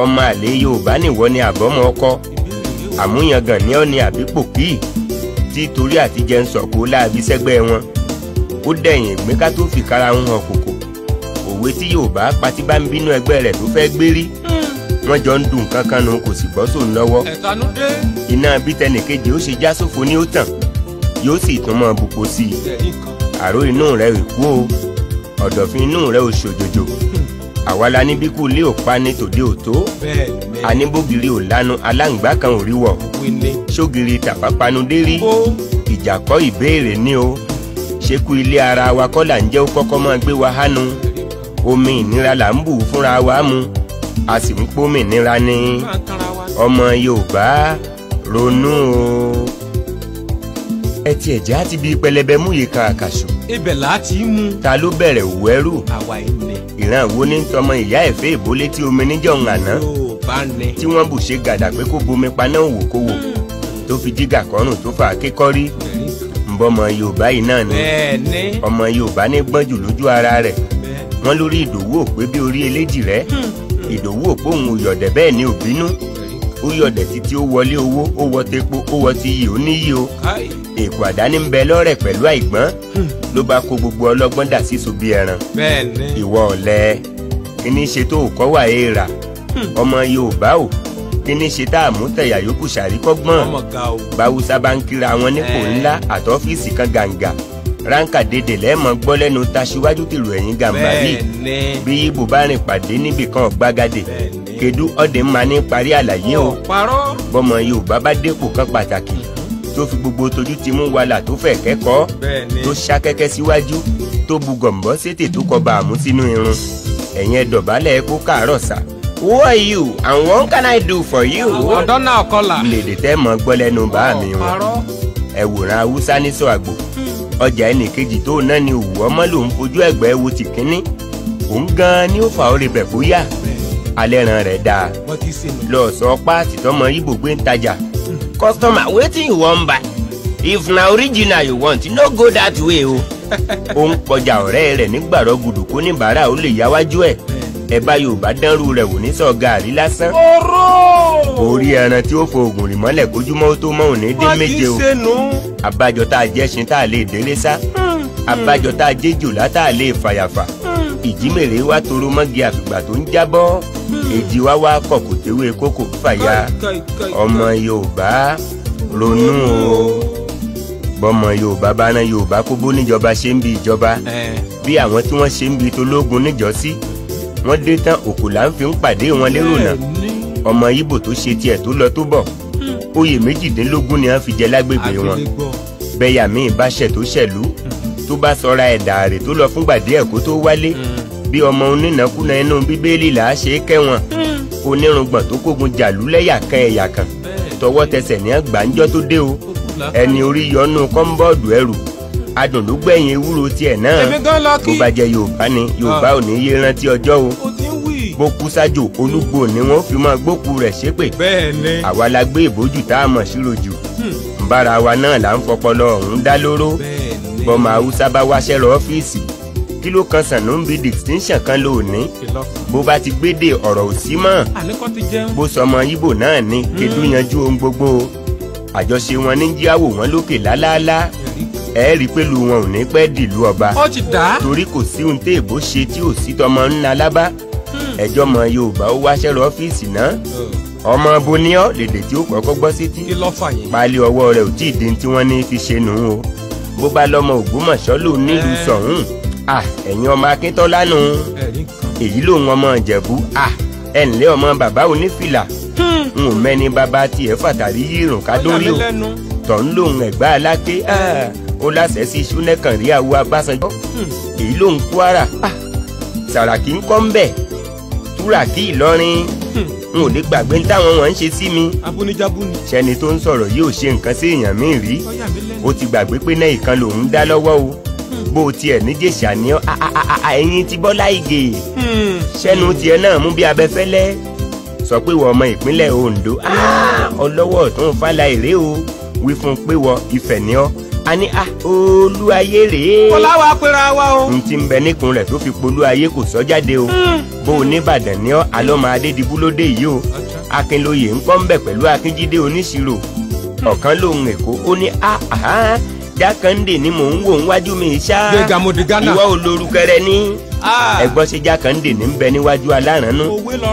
ọmọ àlè yorùbá nìwọ ni àbọ́mọ ọkọ àmúyangàn ní ọ ni àbípò kíì tí torí àtijẹ ń sọ̀kò láàbí sẹ́gbẹ́ wọn ó dẹ̀yìn ìgbín ká tó fìkara ń hàn kòkò òwe tí yorùbá patí bá ń bínú ẹgbẹ́ rẹ̀ tó fẹ́ gbérí wọ́n jọ ń dùn kankan nu kò sì bọ́ sóun lọ́wọ́ iná bí tẹnìkejì ó ṣe já sófo ní ó tàn yóò sì tún mọ bùkún sí i àrò inú rẹ̀ rè o ọ̀dọ̀fin inú rẹ̀ ò ṣòjòjò àwa la ní bí kú lé òpa ní tòde òtó aníbògiri ò lanu aláǹgbá kan ò rí wọ̀ ṣógiri tàpápanu dérí ìjàkọ́ ìbéèrè ní o ṣekú ilé ara wa kọ́ là ń jẹ́ ó kọ́kọ́ máa gbé wa hánu omi ìnira là ń bù fúnra wa mu a sì ń pómi ìnira ní ọmọ Yorùbá ronú o ẹ tiẹ̀ já ti bí pẹlẹbẹ mú yìí ka àkàṣù. ibẹ̀ là á mú. ta ló bẹ̀rẹ̀ òwú ẹrú. àwa ìní. ìran wo ní tọmọ ìyá ẹ̀fẹ́ ìbólé tí omi níjọ́ ń àná tí wọ́n bù ṣe gàdà pé kó bomi paná òwòkowò hmm. tó fi jígà kọrùn tó fà á kékọ́rí hmm. Yorùbá ni ọmọ Yorùbá ní gbọ́njù lójú ara rẹ̀ wọ́n lórí Ìdòwú òpé bí orí eléjì rẹ̀ hmm. Ìdòwú òpó òun òyọ̀dẹ̀ bẹ́ẹ̀ ni òbínú ó yọ̀dẹ̀ títí ó wọlé owó wọ tepo ó wọ ti yìí o. èkó àdáni ń bẹ lọ́rẹ̀ pẹ̀lú àìgbọ́n hmm. ló bá kó gbogbo ọlọ́gbọ́n dà síso bí ẹran ìwọ ọ̀lẹ kíní ṣe tó kọ́ wà éèrà hmm. ọmọ Yorùbá o kíní ṣe tá a mú tẹ̀yà yòókù ṣàríkọ́gbọ́n báwùsá bá ń kíra wọn nípò ńlá àtọ́fíìsì kan gàǹgà ránkà dédè lẹ́ẹ̀mọ́ gbọ́ lẹ́nu taṣíwájú tìlù ẹ̀yìn gàmbàrí bí ibo bá rìn pàdé níbìkan ọ̀gbagadè kedu ọ̀dẹ̀ máa ní parí àlàyé o bọ́mọ Yorùbá bá dépò kan pàtàkì tó fi gbogbo tójú ti mú wàhálà tó fẹ́ kẹ́kọ̀ọ́ tó ṣakẹ́kẹ́ síwájú tó bu gọ̀m̀bọ́ sétè tó kọba àmú sínú irun ẹ̀yin ẹ dọ̀bálẹ̀ kó káàárọ̀ sà. who are you and what can I do for you? ọ̀dọ́nà ọ̀kọlà. lèdè tẹ́ mọ́ gbọ́ lẹ́nu bá mi wọn ẹ̀wòrán haúsá ní sọ àgbò ọjà ẹnìkejì tó ná ni òwú ọmọ lòún fojú ẹ̀gbẹ́ wo ti kínní òun gan-an ni ó fà ó rebẹ̀ kó yá alẹ́ ran rẹ̀ dáa lọ́ọ̀sán pààtì tọmọ ibo gbé ń tajà customer wetin you wan buy if na original you want no go that way o. ó ń kọjá ọ̀rẹ́ rẹ̀ nígbàrọ̀ gùdù kó níbàárà ó lè yáwájú ẹ̀ ẹ bá yorùbá dánrú rẹ̀ wò ní sọ gàrí lásán. orí ẹran tí ó foògùn rì mọ́lẹ̀ kójúmọ́ ó tó mọ́ òní dé méje o. abájọ tá a jẹ́ sin tá a lè délé sá. Hmm. abájọ tá a jẹ́ jòlá tá a lè fàyàfà. Hmm. ìjímèrè wa toro mọ́gi àfìgbà tó ń jábọ́ èjì wá wá kọ̀ kò tewé kókò fàyà ọmọ yorùbá ronú o bọ́mọ yorùbá bá ná yorùbá kó bó níjọba ṣe ń bi ìjọba bí àwọn tí wọ́n ṣe ń bi tológun níjọ́sí wọ́n dé tán òkú là ń fi ń pàdé wọn lérò náà ọmọ ibo tó ṣe tiẹ̀ tó lọ tó bọ̀ hmm. oyè méjìdínlógún ni wọ́n fi jẹ lágbègbè wọn bẹ́yàmí ìbáṣẹ̀ tó ṣẹ̀lú tó bá sọra ẹ̀dà rẹ̀ tó lọ fúngbà díẹ̀ kó tó wálé. Mm bí ọmọ onínàkúnà inú bíbélì là á ṣe é kẹ́wọ̀n hmm. onírùngbọ̀n tó kógun jàlú lẹ́yà kan ẹ̀yà kan tọwọ́ tẹsẹ̀ ní àgbáńjọ́ tó dé o ẹni orí yọnú kọ́ńbọ́ọ̀dù ẹrù adùn ló gbẹ̀yìn ewúro tiẹ̀ náà bó bá jẹ yorùbá ni yorùbá ah. ò ní yé rántí ọjọ́ o bó kú sájò olúgbò ni wọ́n fi máa gbókù rẹ̀ ṣépè àwa la gbé ìbòjú tá a mọ̀ síro jù hmm. bára wa náà là ń fọpọlọ ọ̀hún dá lóró bọ́mọ haúsá bá wáṣẹ́ lọ ọ́fíìsì kí ló kan Sanusi distinction kan ló ní bó bá ti gbédè ọ̀rọ̀ ò sí mọ́ bó sọmọ Ìgbò náà ní hmm. kedú yanjú ohun gbogbo àjọṣe wọn ní jíáwó wọn lókè lálálá ẹ rí i pé lu wọn ò ní pẹ́ dìlú ọba torí kò sí ohun tẹ́ èbó ṣe tí ò sí tọmọ ńlá lábá hmm. ẹjọ́ mọ Yorùbá ó wáṣẹ́ lọ ọ́fíìsì náà hmm. ọmọ boniọ́ lèdè tí ó kọ́kọ́ gbọ́ sétí pálí ọwọ́ rẹ̀ ò tí ì dín tí wọ́n ní fi ṣe nù ú o bó bá lọ́mọ Ògbómọ̀ṣọ́ lòún nílùú sọ̀hún eh à ẹ̀yin ọmọ akíntọ́lá nù èyí lòun ọmọ ìjẹ̀bú à ẹ̀ ǹlẹ́ ọmọ bàbá onífìlà hmm. n ò mẹ́ni bàbá tiẹ̀ fàtàrí yírùn kádórí o tọ̀ ń lòun ẹ̀gbá aláké hmm. ó láṣẹ sí ṣúnẹ́kàn rí àwọ abásanjọ́ hmm. èyí lòun kwara sàràkí ń kọ́ ń bẹ̀ túràkì ìlọrin n ò lè gbàgbé táwọn wọn ń ṣe sí mi. abúnijábúni. sẹni tó ń sọ̀rọ̀ yìí ò ṣe nǹkan sí èèyàn míì rí ó ti gbàgbé pé náà ìkan lòún dá lọ́wọ́ o bó tiẹ̀ níjẹ̀ṣà ni ọ́ ẹ̀yin ti Bọ́lá Ìgè ṣẹ́nu hmm. tiẹ̀ náà mú bí abẹ́fẹ́lẹ́ sọ pé wọ́n ọmọ ìpínlẹ̀ Ondo ah, ọlọ́wọ́ ọ̀tún fàlà èrè o wí fún pé wọ́n Ifẹ̀ ni ọ́ a ní a ah, olúwayé rèé. kọlá wa pera wa o. n ti bẹ níkun rẹ tó fi polúwayé kò sọ jáde o. Hmm. bó o nìbàdàn ní ọ alọ́mọ adédìbú ló dé yìí o. akínlóye ń pọ́n pẹ̀lú akínjídé oníṣirò. Hmm. ọ̀kan lòun èkó ó ní a ah, jákàndé ni mò ń wò níwájú mi ṣá. gbẹ̀gà mo di ghana. ìwọ olórúkẹrẹ ní. Ah. ẹ̀gbọ́n ṣe jákàndé ní bẹ níwájú alárànú.